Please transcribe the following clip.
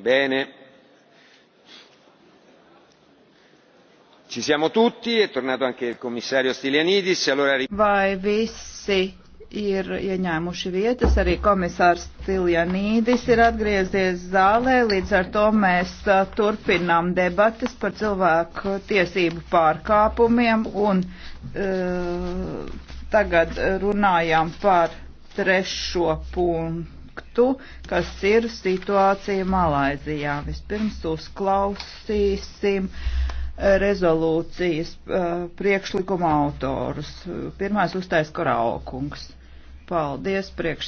bene ci siamo tutti è tornato anche il commissario stylianides allora vai visi ir ieņēmuši vietas, arī komisārs Tiljanīdis ir atgriezies zālē, līdz ar to mēs turpinām debatas par cilvēku tiesību pārkāpumiem un uh, tagad runājam par trešo punktu faktu, kas ir situācija Malaizijā. Vispirms uzklausīsim eh, rezolūcijas eh, priekšlikuma autorus. Pirmais uztais Korāokungs. Paldies priekš.